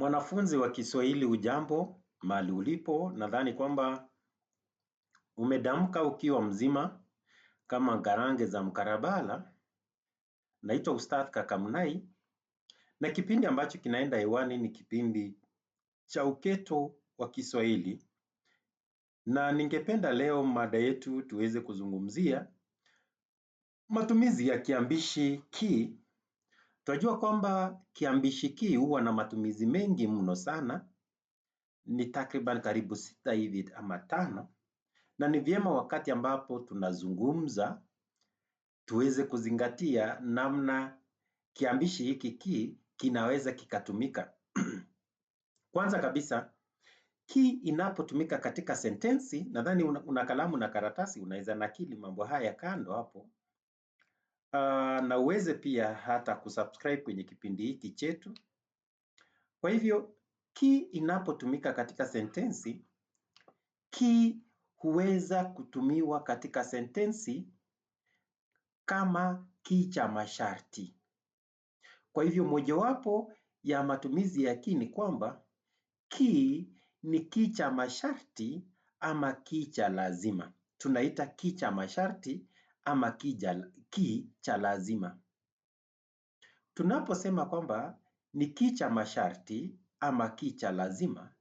Mwanafunzi wa kiswahili ujambo mahali ulipo nadhani kwamba umedamka ukiwa mzima kama garange za mkarabala. Naitwa Ustadh Kakamnai na kipindi ambacho kinaenda hewani ni kipindi cha uketo wa kiswahili na ningependa leo mada yetu tuweze kuzungumzia matumizi ya kiambishi ki Tunajua kwamba kiambishi kii huwa na matumizi mengi mno sana, ni takriban karibu sita hivi ama tano, na ni vyema wakati ambapo tunazungumza tuweze kuzingatia namna kiambishi hiki ki kinaweza kikatumika. Kwanza kabisa ki inapotumika katika sentensi, nadhani una, una kalamu na karatasi, unaweza nakili mambo haya kando hapo Ah, na uweze pia hata kusubscribe kwenye kipindi hiki chetu. Kwa hivyo ki inapotumika katika sentensi, ki huweza kutumiwa katika sentensi kama ki cha masharti. Kwa hivyo mojawapo ya matumizi ya ki ni kwamba ki ni ki cha masharti ama ki cha lazima, tunaita ki cha masharti ama ki cha lazima. Tunaposema kwamba ni ki cha masharti ama ki cha lazima,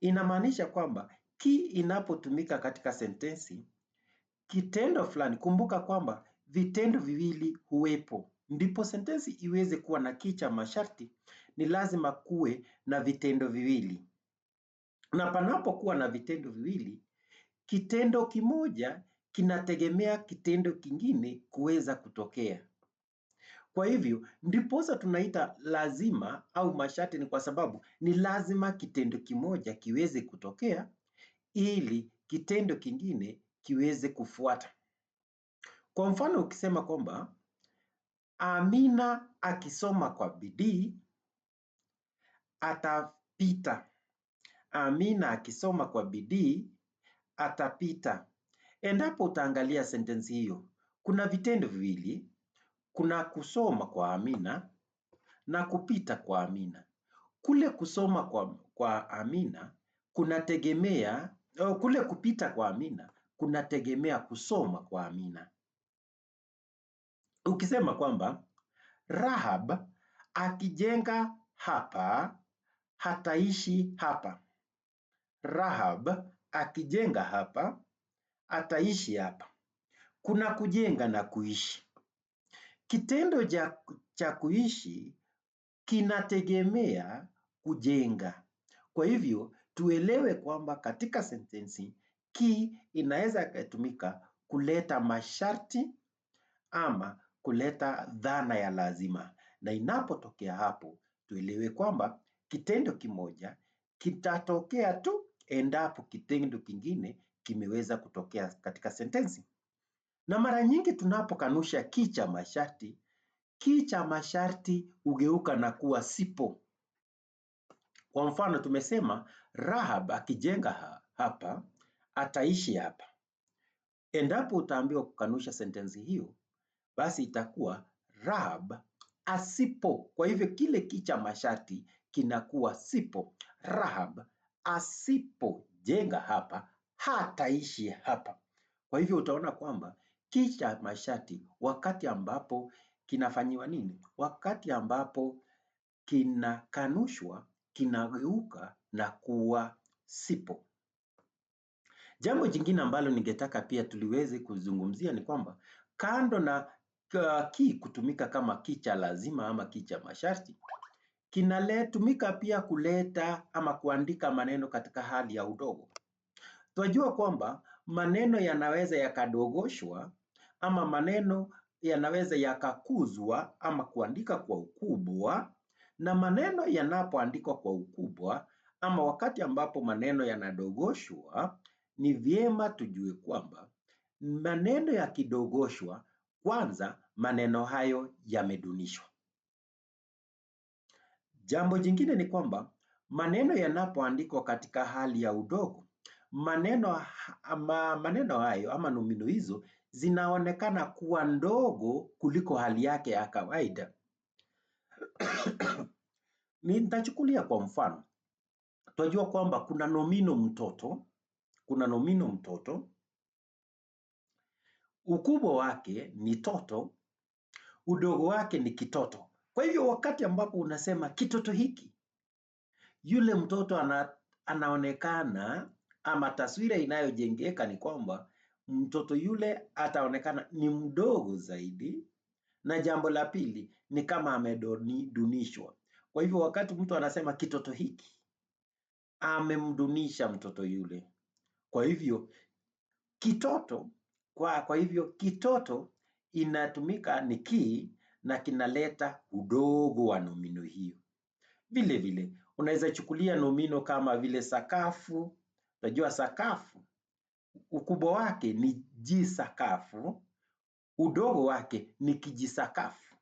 inamaanisha kwamba ki inapotumika katika sentensi, kitendo fulani, kumbuka kwamba vitendo viwili huwepo ndipo sentensi iweze kuwa na ki cha masharti, ni lazima kuwe na vitendo viwili, na panapokuwa na vitendo viwili, kitendo kimoja kinategemea kitendo kingine kuweza kutokea. Kwa hivyo ndiposa tunaita lazima au masharti ni kwa sababu ni lazima kitendo kimoja kiweze kutokea ili kitendo kingine kiweze kufuata. Kwa mfano ukisema kwamba Amina akisoma kwa bidii atapita. Amina akisoma kwa bidii atapita. Endapo utaangalia sentensi hiyo, kuna vitendo viwili, kuna kusoma kwa Amina na kupita kwa Amina. Kule kusoma kwa, kwa Amina kunategemea oh, kule kupita kwa Amina kunategemea kusoma kwa Amina. Ukisema kwamba Rahab akijenga hapa hataishi hapa, Rahab akijenga hapa ataishi hapa. Kuna kujenga na kuishi. Kitendo cha kuishi kinategemea kujenga. Kwa hivyo tuelewe kwamba katika sentensi ki inaweza kutumika kuleta masharti ama kuleta dhana ya lazima, na inapotokea hapo tuelewe kwamba kitendo kimoja kitatokea tu endapo kitendo kingine kimeweza kutokea katika sentensi. Na mara nyingi tunapokanusha ki cha masharti, ki cha masharti hugeuka na kuwa sipo. Kwa mfano tumesema Rahab akijenga ha, hapa ataishi hapa. Endapo utaambiwa kukanusha sentensi hiyo, basi itakuwa Rahab asipo. Kwa hivyo kile ki cha masharti kinakuwa sipo. Rahab asipojenga hapa hataishi hapa. Kwa hivyo utaona kwamba kicha masharti, wakati ambapo kinafanyiwa nini, wakati ambapo kinakanushwa, kinageuka na kuwa sipo. Jambo jingine ambalo ningetaka pia tuliweze kuzungumzia ni kwamba kando na uh, ki kutumika kama kicha lazima ama kicha masharti kinaletumika pia kuleta ama kuandika maneno katika hali ya udogo. Twajua kwamba maneno yanaweza yakadogoshwa ama maneno yanaweza yakakuzwa ama kuandika kwa ukubwa, na maneno yanapoandikwa kwa ukubwa ama wakati ambapo maneno yanadogoshwa, ni vyema tujue kwamba maneno yakidogoshwa, kwanza maneno hayo yamedunishwa. Jambo jingine ni kwamba maneno yanapoandikwa katika hali ya udogo Maneno, maneno hayo ama nomino hizo zinaonekana kuwa ndogo kuliko hali yake ya kawaida. Nitachukulia kwa mfano, twajua kwamba kuna nomino mtoto, kuna nomino mtoto, ukubwa wake ni toto, udogo wake ni kitoto. Kwa hivyo wakati ambapo unasema kitoto hiki, yule mtoto ana, anaonekana ama taswira inayojengeka ni kwamba mtoto yule ataonekana ni mdogo zaidi, na jambo la pili ni kama amedunishwa. Kwa hivyo wakati mtu anasema kitoto hiki, amemdunisha mtoto yule. Kwa hivyo kitoto kwa, kwa hivyo kitoto inatumika ni kii na kinaleta udogo wa nomino hiyo. Vile vile unaweza chukulia nomino kama vile sakafu Unajua sakafu ukubwa wake ni jisakafu, udogo wake ni kijisakafu.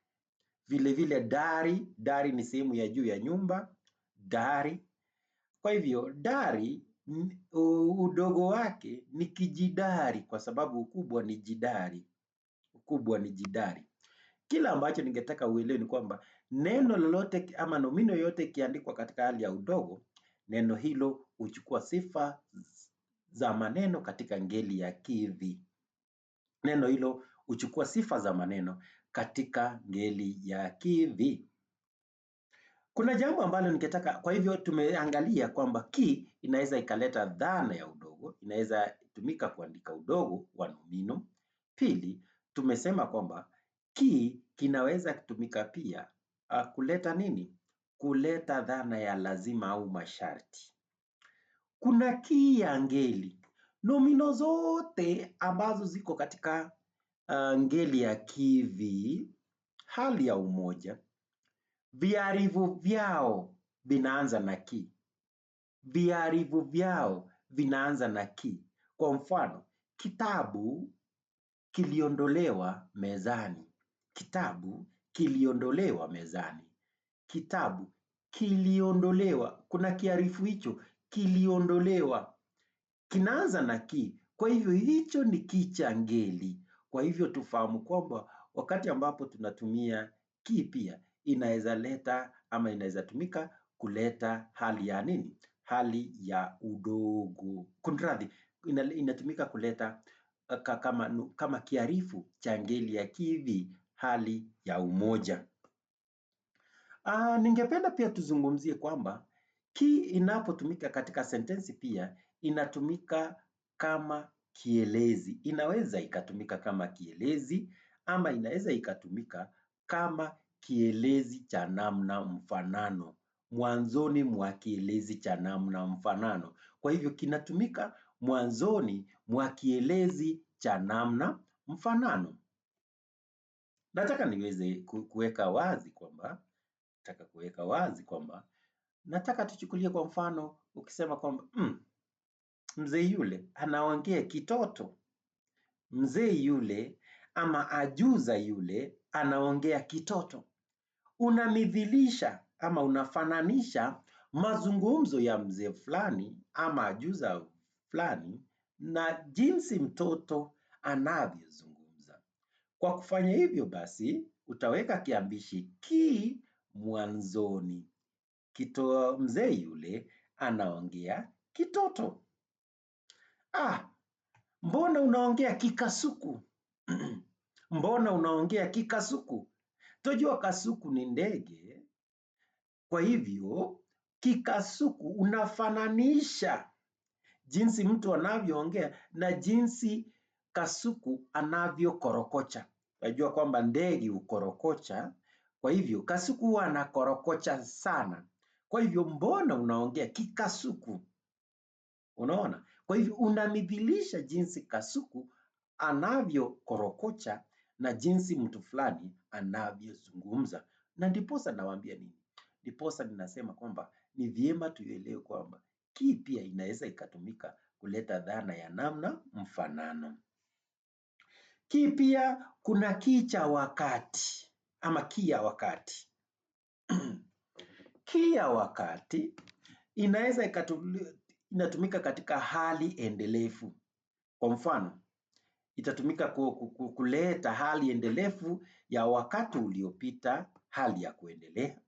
Vilevile dari, dari ni sehemu ya juu ya nyumba, dari. Kwa hivyo dari udogo wake ni kijidari kwa sababu ukubwa ni jidari, ukubwa ni jidari. Kila ambacho ningetaka uelewe ni kwamba neno lolote ama nomino yoyote ikiandikwa katika hali ya udogo Neno hilo huchukua sifa za maneno katika ngeli ya kidhi. Neno hilo huchukua sifa za maneno katika ngeli ya kidhi. Kuna jambo ambalo ningetaka, kwa hivyo tumeangalia kwamba ki inaweza ikaleta dhana ya udogo, inaweza tumika kuandika udogo wa nomino. Pili, tumesema kwamba ki kinaweza kutumika pia ah, kuleta nini kuleta dhana ya lazima au masharti. Kuna kii ya ngeli. Nomino zote ambazo ziko katika uh, ngeli ya kivi, hali ya umoja, viarifu vyao vinaanza na ki. Viarifu vyao vinaanza na ki. Kwa mfano, kitabu kiliondolewa mezani. Kitabu kiliondolewa mezani kitabu kiliondolewa, kuna kiarifu hicho kiliondolewa, kinaanza na ki. Kwa hivyo hicho ni ngeli Kwa hivyo tufahamu kwamba wakati ambapo tunatumia ki pia inaweza leta ama inaweza tumika kuleta hali ya nini? Hali ya udogo. Kunradhi, inatumika kuleta kama, kama kiarifu cha ngeli ya kivi hali ya umoja. Uh, ningependa pia tuzungumzie kwamba ki inapotumika katika sentensi pia inatumika kama kielezi. Inaweza ikatumika kama kielezi ama inaweza ikatumika kama kielezi cha namna mfanano, mwanzoni mwa kielezi cha namna mfanano. Kwa hivyo kinatumika mwanzoni mwa kielezi cha namna mfanano. Nataka niweze kuweka wazi kwamba nataka kuweka wazi kwamba nataka tuchukulie kwa mfano ukisema kwamba mm, mzee yule anaongea kitoto, mzee yule ama ajuza yule anaongea kitoto. Unamidhilisha ama unafananisha mazungumzo ya mzee fulani ama ajuza fulani na jinsi mtoto anavyozungumza. Kwa kufanya hivyo basi, utaweka kiambishi ki mwanzoni. Kito mzee yule anaongea kitoto. Ah, mbona unaongea kikasuku? mbona unaongea kikasuku? Tojua kasuku ni ndege, kwa hivyo kikasuku unafananisha jinsi mtu anavyoongea na jinsi kasuku anavyokorokocha. najua kwamba ndege hukorokocha kwa hivyo Kasuku anakorokocha sana. Kwa hivyo mbona unaongea kikasuku? Unaona? Kwa hivyo unamidhilisha jinsi Kasuku anavyokorokocha na jinsi mtu fulani anavyozungumza, na ndiposa nawaambia nini, ndiposa ninasema kwamba ni vyema tuelewe kwamba kii pia inaweza ikatumika kuleta dhana ya namna mfanano. Kii pia kuna kii cha wakati ama kia wakati kia wakati inaweza inatumika katika hali endelevu. Kwa mfano, itatumika kuleta hali endelevu ya wakati uliopita, hali ya kuendelea,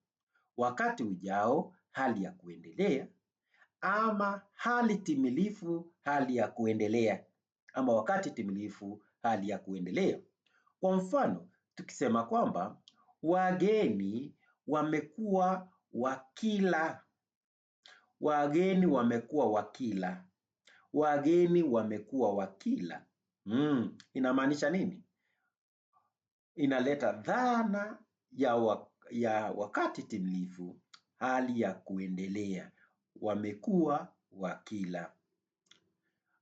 wakati ujao, hali ya kuendelea, ama hali timilifu, hali ya kuendelea, ama wakati timilifu, hali ya kuendelea. Kwa mfano, tukisema kwamba Wageni wamekuwa wakila, wageni wamekuwa wakila, wageni wamekuwa wakila. Mm, inamaanisha nini? Inaleta dhana ya, wa, ya wakati timilifu, hali ya kuendelea. Wamekuwa wakila.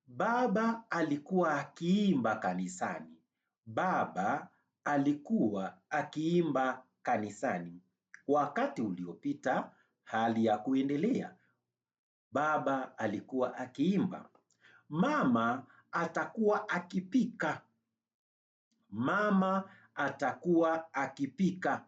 Baba alikuwa akiimba kanisani. Baba alikuwa akiimba kanisani. Wakati uliopita hali ya kuendelea. Baba alikuwa akiimba. Mama atakuwa akipika. Mama atakuwa akipika.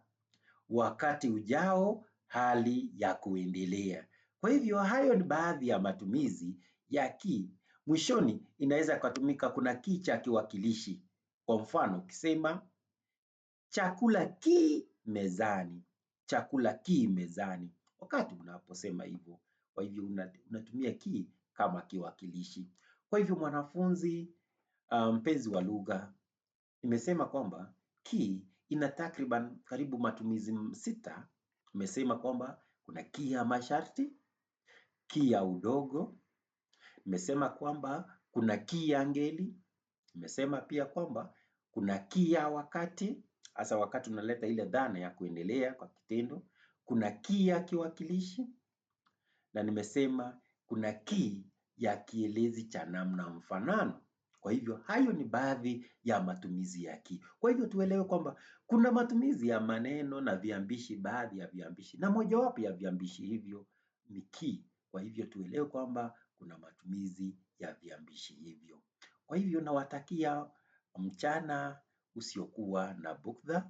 Wakati ujao hali ya kuendelea. Kwa hivyo hayo ni baadhi ya matumizi ya ki. Mwishoni inaweza ikatumika kuna ki cha kiwakilishi. Kwa mfano ukisema Chakula ki mezani. Chakula ki mezani. Wakati unaposema hivyo, kwa hivyo unatumia ki kama kiwakilishi. Kwa hivyo mwanafunzi ah, mpenzi um, wa lugha, nimesema kwamba ki ina takriban karibu matumizi sita. Nimesema kwamba kuna ki ya masharti, ki ya udogo. Nimesema kwamba kuna ki ya ngeli. Nimesema pia kwamba kuna ki ya wakati hasa wakati unaleta ile dhana ya kuendelea kwa kitendo. Kuna ki ya kiwakilishi na nimesema kuna ki ya kielezi cha namna mfanano. Kwa hivyo hayo ni baadhi ya matumizi ya ki. Kwa hivyo tuelewe kwamba kuna matumizi ya maneno na viambishi, baadhi ya viambishi, na mojawapo ya viambishi hivyo ni ki. Kwa hivyo tuelewe kwamba kuna matumizi ya viambishi hivyo. Kwa hivyo nawatakia mchana usiokuwa na bukdha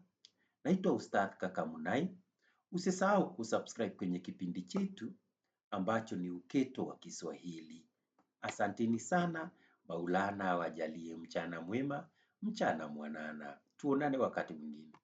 Naitwa Ustadh Kakamunai. Usisahau kusubscribe kwenye kipindi chetu ambacho ni Uketo wa Kiswahili. Asanteni sana. Maulana awajalie mchana mwema, mchana mwanana. Tuonane wakati mwingine.